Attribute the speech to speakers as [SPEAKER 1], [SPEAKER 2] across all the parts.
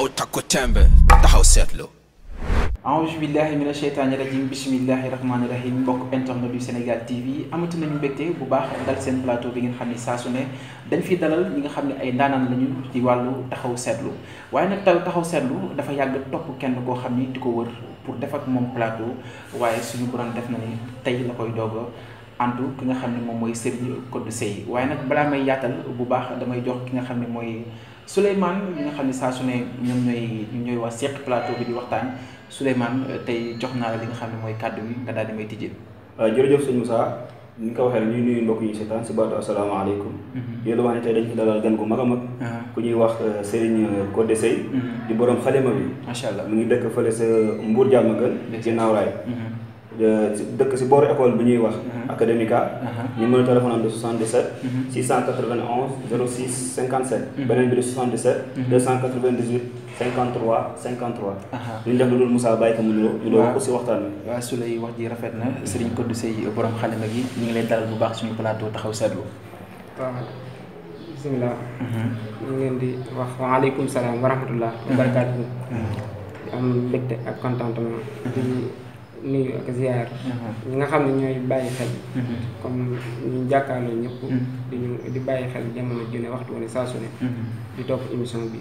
[SPEAKER 1] taxaw takku tembe taxaw seetlu. auzu billahi mina sheytaani rajim bismillahi rahmaani rahim mbokk internet du Sénégal TV amati nañu mbégte bu baax dal seen plateau bi ngeen xam ne saa su ne dañ fi dalal ñi nga xam ne ay ndaanaan lañu ci wàllu taxaw seetlu waaye nag taw taxaw seetlu dafa yàgg topp kenn koo xam ni di ko wër pour def moom plateau waaye suñu borom def na ni tey la koy doog antu ki nga xam ne moom mooy Serigne Codou Seye waaye nag balaa may yaatal bu baax damay jox ki nga xam ne mooy Souleymane ñi nga xam ne saa su ne ñoom ñooy ñooy waa seq plateau bi di waxtaan Souleymane euh, tey jox naa li nga mooy kàddu bi daal di may
[SPEAKER 2] tijjee. Euh, jërëjëf sëñ Moussa ni nga ko waxee ñuy nuyu mbokk yi si baatu asalaamaaleykum. Mm-hmm. yow la wax ne tey dañu fi dalal mag a mag. Uh-huh. ñuy wax euh, Serigne Codou Seye. Mm-hmm. di borom xalima bi. macha allah mu ngi dëkk fële sa Mbour Diamaguène. ci Naawraay. Mm-hmm. dëkk si boori école bi ñuy wax. Uh-huh. académica. Uh-huh. numéro téléphone am di 77. 691 06 57. beneen bi di 77. 298 53 53. li ñu def lu dul Moussa bàyyi ko mu nuyoo. ñu doon ko si waxtaan wi. waaw su lay wax ji rafet na
[SPEAKER 1] Serigne Codou Seye borom xalima gi ñu ngi lay dalal bu baax suñu plateau taxaw seetlu.
[SPEAKER 3] bisimilah. Uh-huh. ñu ngi leen di wax waaleykum salaam wa rahmatulah. wa barakaatuhu. am mbégte ak contentement. nuyu ak ñi mhm. nga xam ne ñooy bàyyi xel. Mhm. comme ñu jàkkaarloo ñëpp. Mhm. di ñu di bàyyi xel jamono ju ne waxtu wane saa ne. di topp émission bi.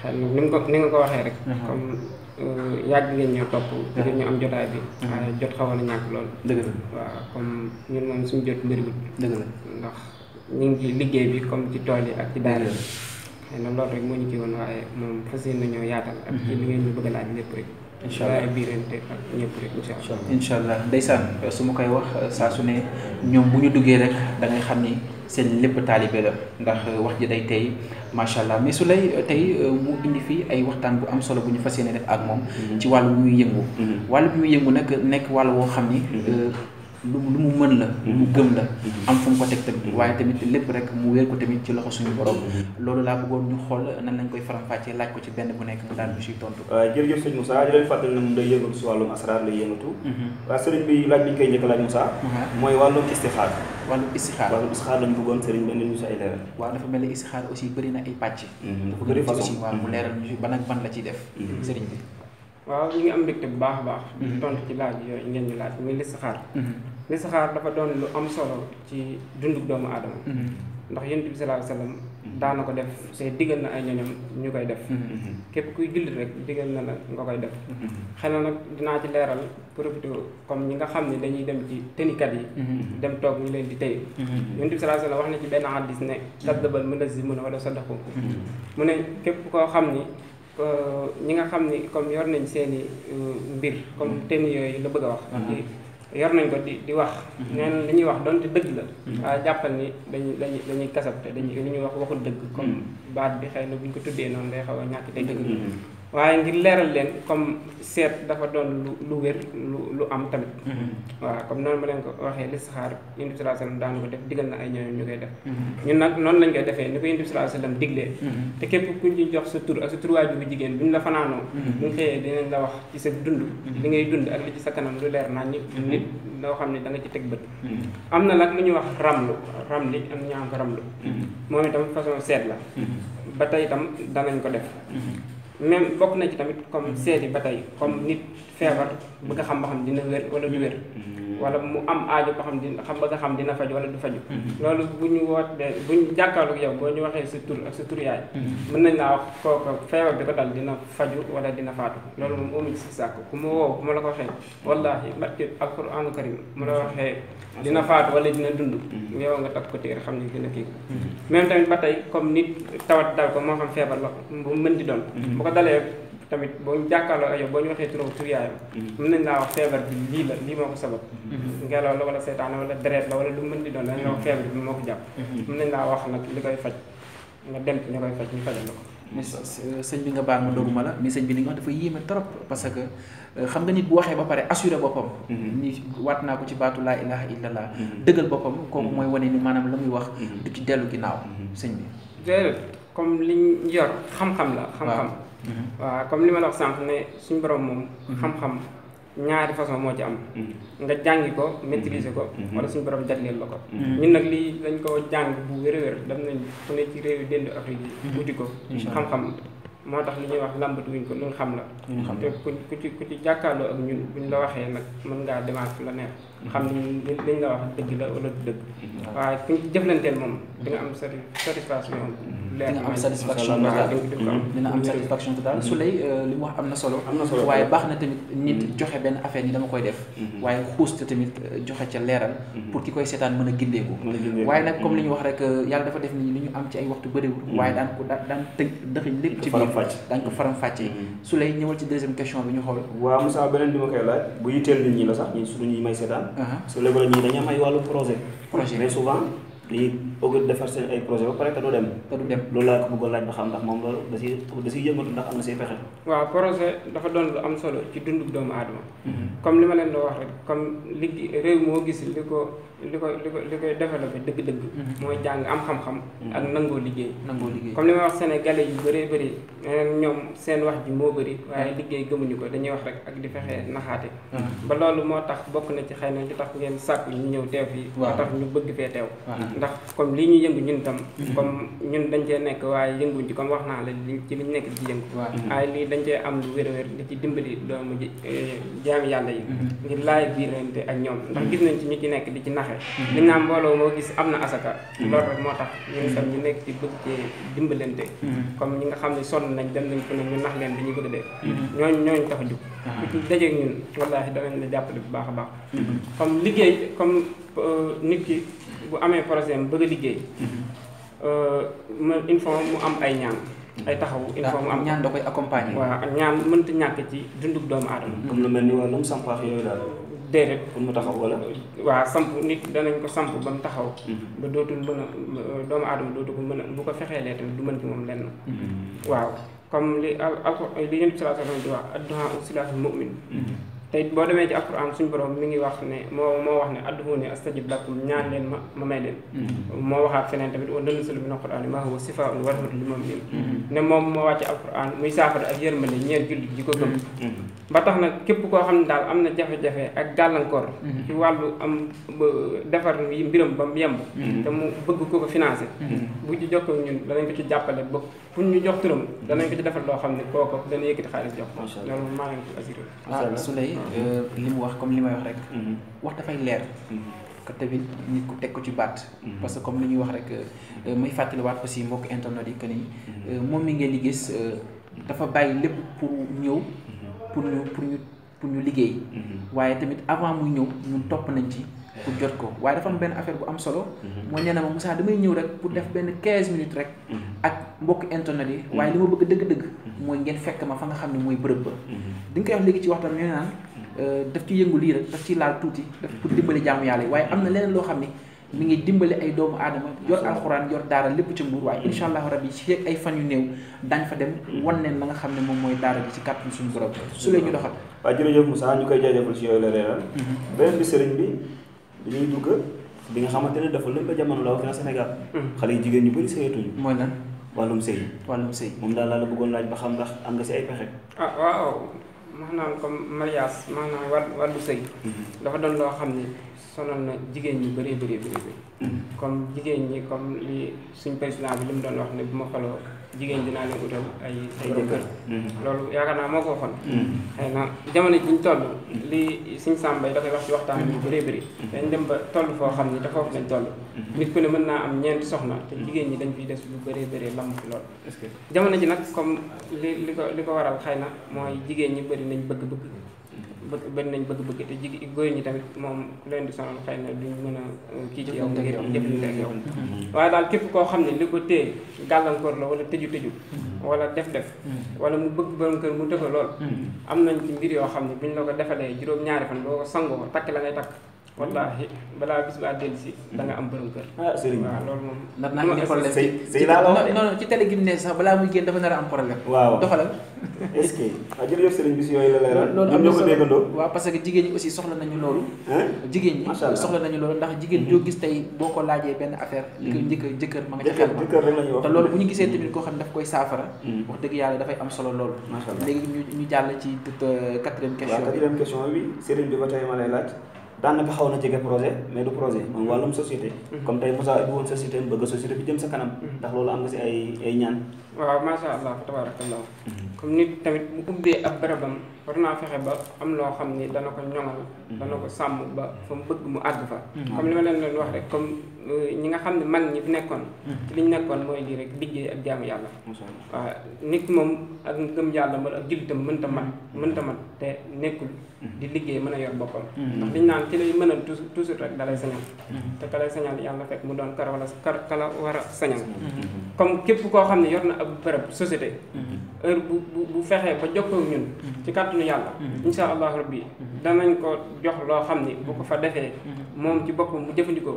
[SPEAKER 3] xel ni ko ni nga ko waxee rek. comme euh, yàgg ngeen ñoo topp. ngir ñu am jotaay bi. waaye jot xawoon na ñàkk lool. dëgg la waaw comme ñun moom suñu jot bëriwul. dëgg la ndax ñu ngi ci liggéey bi comme ci tool yi ak ci daara yi. xëy na loolu rek moo ñu ci woon waaye moom fas yéene nañoo yaatal. ak ci li
[SPEAKER 1] ngeen ñu bëgg laaj lépp rek. inshallah biirante ak ñëpp rek inchallah inchallah ndeysaan su ma koy wax eh, saa su ne ñoom bu ñu duggee rek da ngay xam ni seen lépp taalibe la ndax eh, wax ji day tey macha allah mais su lay eh, tey mu indi fi ay waxtaan bu am solo bu ñu fas yéene def ak moom hmm. ci wàllu bu muy yëngu hmm. wàllu bu muy yëngu nag nekk wàllu woo xam ni hmm. lu mu lu mu mën la lu mu gëm la mhm. am fu mu ko teg tamit mhm. waaye tamit lépp rek mu wéer ko tamit ci loxo suñu borom mhm. loolu laa bëggoon ñu xool nan lañ koy ko ci benn bu nekk mu daal bi
[SPEAKER 2] siy tontu jërëjëf sëñ Moussa di leen fàttali koy njëkk laaj Moussa mooy wàllum istixaar wàllum istixaar wàllum istixaar lañ bëggoon sëriñ bi ñu si ay
[SPEAKER 1] leeral waaw dafa mel ni aussi bëri na ay pàcc dafa bëri aussi waaw mu leeral ñu ban la ciy def sëriñ bi waaw ñu ngi am mbégte bu baax a baax. Mhm. di tontu ci laaj yooyu ngeen ñu laaj muy
[SPEAKER 3] listixaar. Mhm. listixaar dafa doon lu am solo ci dundu doomu aadama. Mhm. ndax yonent bi sallallahu alayhi wasallam daana ko def te digal na ay ñoñam ñu koy def. képp kuy jullit rek digal na la nga koy def. xëy na nag dinaa ci leeral profité comme ñi nga xam ne dañuy dem ci tënikat yi. dem toog leen di tey. yonent bi sallallahu alayhi wasallam wax na ci benn hadis ne. kaddabal munazzimuna wala sadaqu mu ne képp koo xam ni. Euh, ñi nga xam ni comme yor nañ seen i euh, mbir comme mm-hmm. thème yooyu la bëgg a wax mm-hmm. yor nañ ko di di wax mm-hmm. neen li ñuy wax donte dëgg la waaye jàppal ni dañuy dañuy dañuy kasab te dañuy ñuy wax waxul dëgg comme baat bi xëy na bu ñu ko tuddee noonu day xaw a ñàkk te dëgg waaye ngir leeral leen comme seet dafa doon lu lu wér lu lu am tamit. Mm-hmm. waaw comme noonu ma leen ko waxee listixaar yonent bi sallallahu alayhi wasallam daan ko def digal na ay ñooñu ñu koy def. Mm-hmm. ñun nag noonu lañ koy defee ni ko yonent bi sallallahu te képp ku ñu jox sa tur ak sa tur waajur bu jigéen buñ la fanaanoo. Mm-hmm. buñ xëyee dinañ wax ci sa dund. li ngay dund ak li ci sa kanam lu leer naa nit nit loo xam ne danga nga ci teg bët. am na nag lu ñuy wax ramlu ramli am ñaa ko ramlu. moom itam façon seet la. ba tey itam danañ ko def. même bokk nañ ci tamit comme mm-hmm. seeti ba tey comme nit feebar mm-hmm. bëgg nga xam ba xam dina wér wala du wér mm-hmm. wala mu am aajo ba xam dina xam ba nga xam dina faju wala du faju loolu bu ñu wootee bu ñu jàkkaarloog yow boo ñu waxee sa tur ak sa tur yaay mën nañ laa wax kooku dina faju wala dina faatu loolu moom amuñ si sàkk ku ma woo ku ma la ko waxee wallahi barke alquranu karim mu la waxee dina faatu wala dina dund yow nga takk ko téere xam ne dina kii même tamit ba tey comme nit tawat dal ko moo xam feebar la bu mën di doon ma dalee tamit boo ñu jàkkaarloo boo ñu waxee turam tur yaayam mm-hmm. mën nañ laa wax feebar bi lii la lii moo ko sabab mm-hmm. ngelaw la wala seetaan wala deret la wala lu mën di doon dañ la wax feebar bi moo ko jàpp mm-hmm. mën nañ laa wax nag
[SPEAKER 1] li koy faj nga dem ñu koy faj ñu fajal la ko sëñ bi nga baal ma doguma la mais sëñ bi li nga wax dafa yéeme trop parce que euh, xam nga nit bu waxee ba pare assuré boppam ni waat naa ko ci baatu laa ilaha illallah dëggal boppam kooku mooy wane ni maanaam la muy wax du ci dellu ginnaaw sëñ bi
[SPEAKER 3] comme liñ yor xam-xam la. xam-xam
[SPEAKER 1] mm-hmm. waaw
[SPEAKER 3] comme li ma la wax sànq ne suñu borom moom. Mm-hmm. xam-xam ñaari façon moo ci am. Mm-hmm. nga jàngi ko maîtriser ko. wala suñu borom jagleel la ko. ñun nag lii lañ ko jàng bu wér-wér dem nañ fu ne ci réew yi dend yi. wuti ko xam-xam. moo tax li ñuy wax lambatu wuñ ko lu xam la. te ku ku ci ku ci jàkkaaloo ak ñun buñ la waxee nag mën ngaa demaat fu la neex. xam ni liñ la wax dëgg la wala du dëgg. waaye ku jëflanteel moom. di nga Mm-hmm. dina am satisfaction totale dina am mm-hmm. euh,
[SPEAKER 1] li mu wax am na solo waaye baax na tamit nit mm-hmm. joxe benn affaire ni dama koy def waaye xuus te tamit euh, joxe ca leeral pour ki koy seetaan mën a gindeeku waaye nag comme li ñu wax rek euh, yàlla dafa def ni li ñu am ci ay waxtu bëriwul waaye daan ko daan tënk dëxiñ lépp ci biir daan ko faram fàccee
[SPEAKER 2] su lay ñëwal ci deuxième question bi ñu xool waaw Moussa beneen bi ma koy laaj bu yitteel nit ñi la sax ñi suñu ñuy may seetaan parce uh-huh. que projet projet mais souvent dañuy bëgg defar seen ay projet ba pare te du dem. te du dem loolu laa ko bëggoon laaj ba xam ndax moom loolu da ciy da ciy ndax am na say pexe.
[SPEAKER 3] waaw projet dafa doon lu am solo ci dundu doomu aadama. Mhm. comme li ma leen doo wax rek comme li réew moo gis li ko li ko li ko li koy développé dëgg-dëgg. Mhm. mooy jàng am xam-xam. Mhm. nangoo liggéey. nangoo liggéey comme li ma wax sénégalais yu bëree bëri ñoom seen wax ji moo bëri waaye liggéey gëmuñu ko dañuy wax rek ak di fexe naxaate. ba loolu moo tax bokk na ci xëy na li tax ngeen sàkku ñu ñëw teew fii. waaw tax ñu bëgg fee teew ndax comme li ñu yëngu ñun tam mhm. comme ñun dañ cee nekk waaye yënguñ ci comme wax naa la li ci liñ nekk di ci yëngu mhm. waaye lii dañ cee am lu wér wér di ci dimbali doomu eh, jaami yàlla yi mhm. ngir laay biirante ak ñoom ndax gis nañ ci ñu ci nekk di ci naxe liñ naa mbooloo moo gis am na asaka loolu rek moo tax ñun ñu nekk ci bëgg cee dimbalante comme ñi nga xam ne sonn nañ dem nañ fu ne ñu nax leen bi ñu a de ñooñ ñooñ tax jug ah. ku ñu dajeeg ñun wallaahi danañ la jàppale bu baax a baax comme euh, ki bu amee projet am bëgg a liggéey. Mhm. Euh, ma il faut mu am ay ñaan. ay taxaw il faut mu am ñaan da koy accompagner. waaw ak ñaan mënta ñàkk ci dundub doomu aadama. comme lu mel ni wàllum sampaax yooyu daal. déedéet pour mu taxaw wala. waaw samp nit danañ ko samp ba mu taxaw. Mhm. ba dootul mën a doomu aadama dootu ko mën a bu ko fexee lee tamit du mën ci moom lenn. Mhm. waaw comme li al al li yéen si laata doon di tey boo demee ci alquran suñu borom mi ngi wax ne moo moo wax ne adduuni astajib lakum ñaan leen ma ma may leen mm-hmm. moo waxaat feneen tamit wa nanzilu min alquran maa huwa shifaa'un wa rahmatun lil mu'minin mm-hmm. ne moom moo wàcce alquran muy saafara ak yërmande ñeel jullit ji ko gëm mm-hmm. ba tax na képp koo xam ne daal am na jafe-jafe ak gàllankoor ci wàllu am defar mbiram ba mu yemb te mu bëgg ko ko financé bu ci jokkoo ñun danañ ko ci jàppale ba pour ñu jox turam danañ ko ci defar loo xam ne kooku dana yëkkati xaalis
[SPEAKER 1] jox loolu maa leen ko Eh, li mu wax comme li may wax rek. Mhm. wax dafay leer. Mhm. que tamit nit ko teg ko ci bat mhm. parce que comme li ñuy wax rek euh, may fàttaliwaat aussi mbokk internet yi que ni. Euh, moom mi ngeen di gis euh, dafa bàyyi lépp pour ñëw. pour ñu pour ñu pour ñu liggéey. waaye tamit avant muy ñëw ñun topp nañ ci. pour jot ko waaye dafa am benn affaire bu am solo. mo nee na ma musa damay ñëw rek pour def benn 15 minutes rek. ak mbokk internet yi. waaye li ma bëgg dëgg-dëgg. mooy ngeen fekk ma fa nga xam ne mooy bërëb ba. di koy wax léegi ci waxtaan ñu naan. Euh, daf ci yëngu lii rek daf ci laal tuuti daf pour dimbali jaamu yàlla yi waaye am na leneen loo xam ne mi ngi dimbali ay doomu aadama yor alxuraan yor daara lépp ca mbuur waaye incha allahu rabi ci ay fan yu néew dañ fa dem wan leen la nga xam ne moom mooy daara bi ci
[SPEAKER 2] kàttan suñu borom su lee ñu doxal waaw jërëjëf Moussa ñu koy jaajëfal ci yooyu la leeral mhm. beneen bi sëriñ bi dañuy dugg bi nga xamante ne dafa lëmba jamono la wax na Sénégal mhm. xale yu jigéen ñu bëri sëyatuñu mooy lan wàllum sëy wàllum sëy moom daal laa la bëggoon laaj ba xam ndax am nga si ay pexe
[SPEAKER 3] ah, maanaam comme mariage maanaam war wàllu sëy mm-hmm. dafa doon loo xam ni sonal na jigéen ñi bëree bëri bëri mm-hmm. comme jigéen ñi comme li suñ président bi li mu doon wax ne bu ma xoloo jigéen dinaa leen utal ay ay jëkkër loolu yaakaar naa moo ko mm-hmm. xëy na jamono ji ñu toll li suñ sàmbay da koy wax ci waxtaan bi bëree bëri dañ dem ba toll foo xam ni dafa foofu lañ toll Mhm. nit ku ne mën naa am ñeenti soxna te mhm. jigéen ñi dañ fiy des lu bëree bëree lamb fi lool jamono ji nag comme li li ko li ko waral xëy na mooy jigéen ñi bëri nañ bëgg-bëgg mhm. bëgg bëri nañ bëgg-bëgg te jigéen góor ñi tamit moom leen du sonal xëy na duñ mën a euh, kii ci yow ngir jëflanteeg yow waaye daal képp koo xam ne li ko téye gàllankoor la wala tëju tëju wala def-def wala mu bëgg borom kër mu dëfa lool am nañ ci mbir yoo xam ne buñ la ko defalee juróom ñaari fan boo ko sangoo takk la ngay takk
[SPEAKER 1] wallaahi balaa bis ba dellu si. da nga am borom kër. Ah, loolu moom. ndax naa ngi ne problème sëy sëy laa la wax non non ci télé gi mu ne sax a am problème. waaw doxalal.
[SPEAKER 2] est ce que ah, la leeral. loolu na solo ñoom ñoo ko déggandoo.
[SPEAKER 1] waaw parce que jigéen ndax jigéen joo mhm. gis tey boo ko laajee benn affaire. li koy njëkk jëkkër ma nga ca xel ma te loolu bu ñu gisee tamit koo xam ne daf koy saafara. Mhm. wax dëgg yàlla dafay am solo loolu. léegi ñu
[SPEAKER 2] ñu jàll ci euh, quatrième question bi quatrième question bi sëriñ bi ba tey lay laaj Dan xaw na jege projet mais du projet moom wàllum société comme mm-hmm. tey Moussa du woon société bëgg société bi jëm sa kanam ndax am nga ay ay ñaan waaw macha allah tabarakallah comme mm-hmm. nit tamit bu
[SPEAKER 3] ubbee ab barabam war naa fexe ba am loo xam ni dana ko ñoŋal mm-hmm. dana ko sàmm ba fa mu bëgg mu àgg fa mm-hmm. comme li ma leen doon wax rek comme euh, ñi nga xam ne mag ñi fi nekkoon ci li ñu nekkoon mooy lii rek liggéey ak jaamu yàlla waaw nit moom ak ngëm yàlla mbala ak jullitam mënta mat mënta mat te nekkul di liggéey mën a yor boppam ndax liñ naan ci lay mën a toujours rek dalay sañal te ka lay sañal yàlla fekk mu doon kar wala kar kala war a sañal comme képp koo xam ne yor na ab bërëb société mhm. heure bu bu bu fexee jox jokkoo ñun mhm. ci kàttanu yàlla mhm. insha allahu rabbi danañ ko jox loo xam ni bu ko fa defee moom ci boppam mu jëfandikoo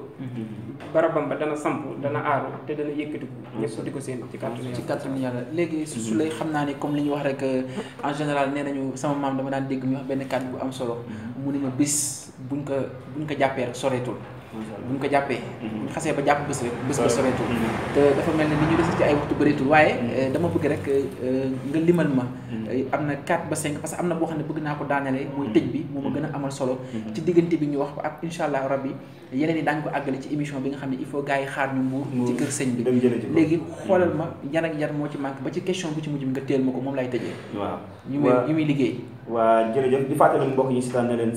[SPEAKER 3] barabam ba dana samp dana aaru te dana yëkkatiku
[SPEAKER 1] ñëpp di ko seen ci kàttanu yàlla ci kàttanu yàlla léegi su lay xam naa ne comme li ñu wax rek euh, en général nee nañu sama maam dama daan dégg ñu wax benn kàddu bu am solo mu ne ma bis buñ ko buñ ko jàppee rek soreetul buñ ko jàppee mhm. buñ ba jàpp bés rek bés ba soreetul mhm. te waaye mhm. euh, dama bëgg rek euh, nga limal ma euh, am na 4 ba 5 parce que na boo xam ko daanale muy moo a solo ci diggante bi ñu wax ko ak incha allah rabbi yeneen yi daañ ci émission bi nga xam ne il faut gars yi xaar ñu mbuur ci kër sëñ bi léegi xoolal ma yan ak moo ci manqué ba ci question bu ci mujj bi nga teel ma ko moom lay tëjee
[SPEAKER 2] waaw ñu muy liggéey waa jërëjëf di fàttali mbokk yi si taan na leen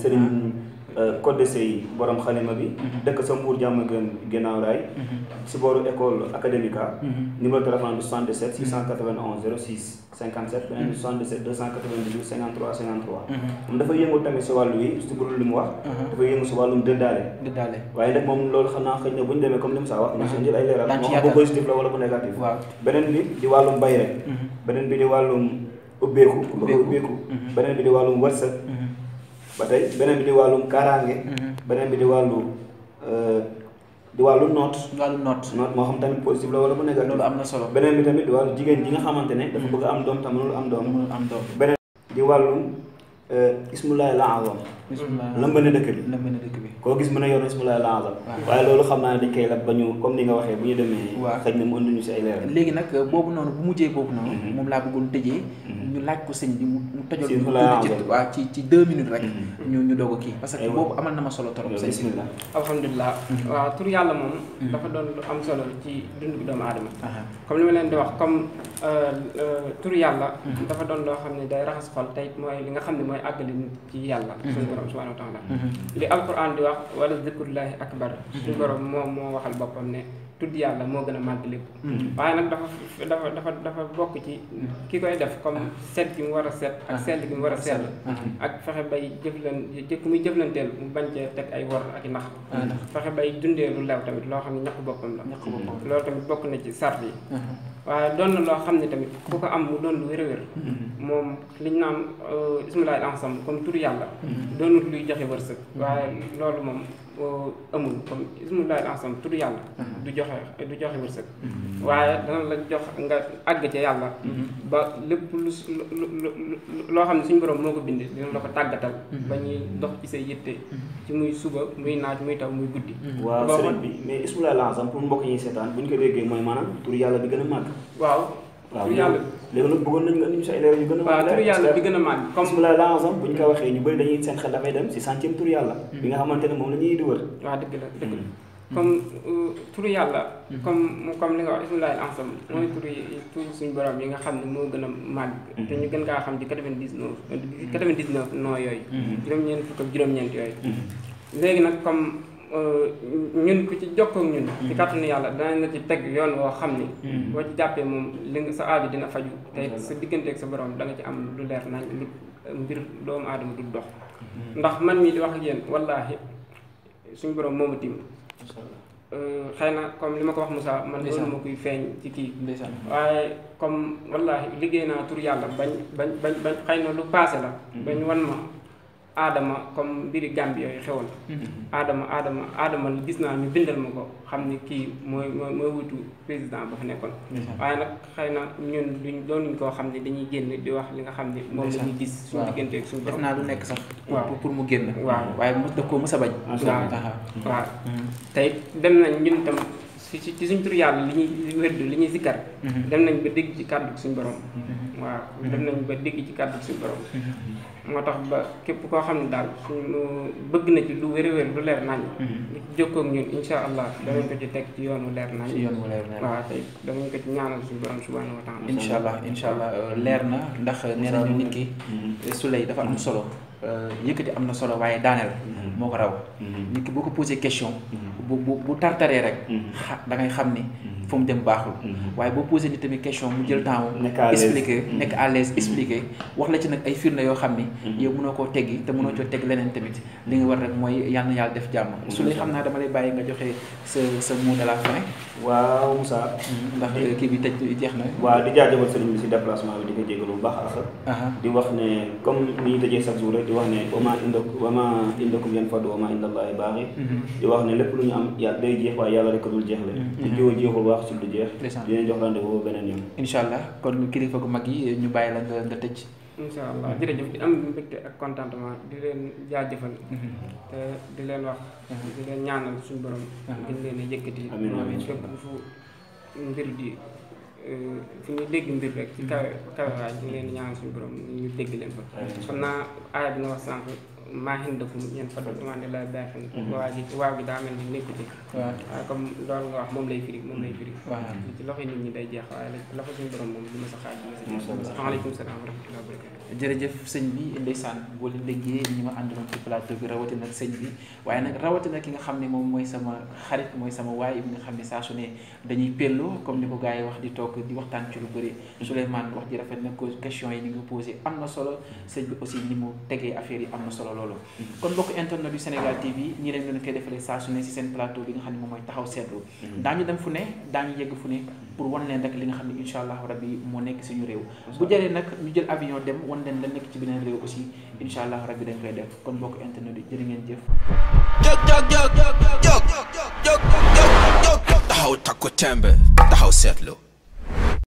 [SPEAKER 2] Euh, code de CI borom xalima bi. Mhm. dëkk sa Mbour jàmm gën gannaaw raay. Mhm. si école académica. Mhm. numéro téléphone 77 691 06 57. beneen 77 298 53 53. mom dafa yëngu tamit si walu yi surtout burul mu wax. dafa yëngu si walu dëndaale. dëndaale waaye nag moom loolu xam naa xëy na bu ñu comme li sa wax. ñu si jël ay léral moo xam bu positif la wala bu négatif. waaw beneen bi di walum bay rek. benen bi di walum ubbeeku. ubbeeku benen bi di walum wërsëg. ba tey beneen bi di wàllum kaaraange. Mhm. beneen bi di wàllu euh, di wàllu noot. wàllu noot noot moo xam tamit positif la wala bu négatif. loolu am na solo beneen bi tamit di wàllu jigéen ji nga xamante ne. dafa bëgg am doom te mënul am doom. mënul am doom beneen di wàllum euh, ismulaay la azam. lëmbane dëkk bi lëmbane dëkk bi. koo gis mën a yor ismulaay la azam. waaye loolu xam naa ne dañ koy lab ba ñu comme ni nga waxee bu ñu demee. waaw xëy na mu ënduñu si ay leeral. léegi nag boobu noonu bu mujjee boobu noonu. Mhm. moom laa bëggoon tëjee ñu laaj ko sëñ bi mu
[SPEAKER 1] mu tojal ñu tuuti ci waaw ci ci deux minutes rek mm-hmm. ñu ñu doog a kii parce que boobu amal na ma solo torop sëñ si
[SPEAKER 3] alhamdulilah mm-hmm. waaw tur yàlla moom mm-hmm. dafa doon lu am solo ci dundu doomu aadama comme li ma leen di wax comme euh, euh, tur yàlla dafa doon loo xam ne day raxas xol tey mooy li nga xam ne mooy àggali nit ci yàlla suñu borom subhanahu wa taala li alquran di wax wala zikrullahi akbar suñu borom moom moo waxal boppam ne tudd yàlla moo gën a màgg lépp. Hmm. waaye nag dafa dafa dafa dafa bokk ci hmm. ki koy def comme ah. set gi mu war a set. ak ah. sell gi mu war a sell. Ah. ak fexe bay jëflan jëf muy jëflanteel mu bañ teg ay wor ak nax. fexe bay dundee lu lew tamit loo xam ne ñàkk boppam la. loolu tamit bokk na ci sart yi. waaye doon na loo xam ne tamit ku ko am mu doon lu wér wér hmm. moom liñ naan euh, ismulaay ansam comme turu yàlla. doonul luy joxe wërsëg. waaye loolu moom. oo amul kon ismullahi al-azam tudd yàlla mhm. du joxe du joxe wërsëg mhm. waaye dana la jox nga àgg ca yàlla mhm. ba lépp lu loo xam ne suñu borom moo ko bind dina la ko tàggatal ba ñuy dox ci say yitte ci muy suba muy
[SPEAKER 2] naaj muy taw muy guddi waaw sëriñ bi mais ismullahi al-azam pour mbokk yi seetaan bu ñu ko déggee mooy maanaam tur yàlla bi gën a màgg waaw waaw yàlla léegi nag bëggoon nañu nga indi sa élèves yu gën a waaw tur yàlla bi gën a màgg comme bismillah la ensemble buñ ko waxee ñu bëri dañuy seen xel dafay dem si centième tur yàlla hmm. bi nga xamante ne moom la ñuy di wër waaw dëgg la dëgg la hmm. comme euh, tur yàlla hmm. comme comme li nga wax bismillah
[SPEAKER 3] al ensemble mooy tur tur suñu borom yi nga xam ne moo gën a màgg te ñu gën kaa xam ci quatre vingt noo yooyu juróom-ñeent fukk juróom-ñeent yooyu léegi nag comme Euh, ñun ku ci jokkoo ak ñun. ci hmm. kàttanu yàlla danañ la ci teg yoon woo xam ni. Hmm. boo ci jàppee moom li nga sa aajo dina faju hmm. tey sa digganteeg sa boroom danga ci am lu leer nañ lu mbir doomu aadama du dox. ndax man mii di wax ak yéen wallaahi suñu borom moo ma timm. Euh, xëy na comme li ma ko wax Moussa man loolu ma koy feeñ ci kii. waaye comme wallaahi liggéey naa tur yàlla bañ bañ bañ xay na lu paase la. bañ wan ma. aadama comme mbiri Gàmbi yooyu xewoon aadama mhm. aadama aadama gis naa ñu bindal ma ko xam ni kii mooy mooy mooy wutu président ba fa nekkoon mhm. waaye nag xëy na ñun duñ doonuñ koo xam ne dañuy génn di wax li nga xam ne moom la ñu gis suñu diggante suñu borom def naa lu nekk sax waaw
[SPEAKER 1] pour mu génn waaw waaye mos koo mos a bañ waaw waaw mhm. tey dem nañ ñun si ci suñ tur yàlla li ñuy wérdu
[SPEAKER 3] li ñuy sikkar mhm. dem nañ ba dégg ci kàddu suñu borom mhm. waaw dem nañ ba dégg ci kàddu suñu borom mhm. moo tax ba képp koo xam ne daal suñu bëgg na ci lu wér wér lu leer nañ li jokkoo ak allah danañ ko ci ci yoon wu leer nañ waaw tey
[SPEAKER 1] danañ ko ci ñaanal suñu borom subhanahu wa taala insha allah insha allah euh, leer na ndax nee nañu nit ki su lay dafa am solo euh, yëkkati am na solo waaye daaneel moo ko raw nit boo ko posé question bu bu bu tartaree rek. Mm-hmm. da ngay xam ni. Mm-hmm. fa mu dem baaxul. Mhm. waaye boo posé ni tamit question mu jël temps expliqué mhm. wax la ci nag ay firnde yoo xam ni. Mhm. yow mënoo koo teggi te mënoo coo teg leneen tamit li nga war rek mooy yàlla def jàmm.
[SPEAKER 2] su lay xam naa dama lay bàyyi nga joxe sa sa mot de waaw Moussa. ndax kii bi tëj jeex na. waaw di jaajëfal sëriñ bi si déplacement bi di ko jégalu bu baax ak. di wax ne comme ni ñu tëjee chaque jour rek di wax ne wa indakum yanfadu wa maa di lu ñu am yàlla a wax ci lu jeex dinañ jox rendez-vous beneen yoon insha allah kon kilifa gu mag yi ñu bàyyi la nga nga tëj insha allah
[SPEAKER 3] jërëjëf di am mbégte ak contentement di leen jaajëfal te di leen wax di leen ñaanal suñu borom gën leen a yëkkati amiin amiin fépp fu mbir di fu ñu dégg mbir rek ci kawe kawe di leen ñaanal suñu borom ñu dégg leen
[SPEAKER 2] fa xam naa
[SPEAKER 3] aaya bi nga wax sànq maa xin dëkkum ñeent fa doon imaam la baax na. Mhm. waa ji waaw gi daa mel ni nekku comme loolu nga wax moom lay firi moom lay firi. waaw loxo
[SPEAKER 1] nit ñi day jeex waaye loxo suñu borom moom du ma sa xaaj. asalaamaaleykum salaam wa rahmatulah wa barakatu. bi ndeysaan boo leen déggee waaye nag rawatina ki nga xam ne moom mooy sama xarit mooy sama waay bi nga xam ne saa su ne dañuy pello comme ni ko wax di toog di waxtaan ci lu bëri Souleymane wax ji rafet na ko question yi ni nga posé am na solo sëñ bi aussi ni mu tegee affaire yi am na solo lool loolu kon mbokk internet yu Sénégal TV ñii lañ leen koy defalee saa su ne si seen plateau bi nga xam ne moom mooy taxaw seetlu daañu dem fu ne daañu yegg fu ne pour wan leen rek li nga xam ne insha allah rabbi moo nekk ñu réew bu jëree nag ñu jël avion dem wan leen la nekk ci beneen réew aussi insha allah rabbi dañ koy def kon mbokk internet yi jërë ngeen jëf jóg jóg
[SPEAKER 2] jóg jóg jóg jóg jóg jóg taxaw takku tembe taxaw seetlu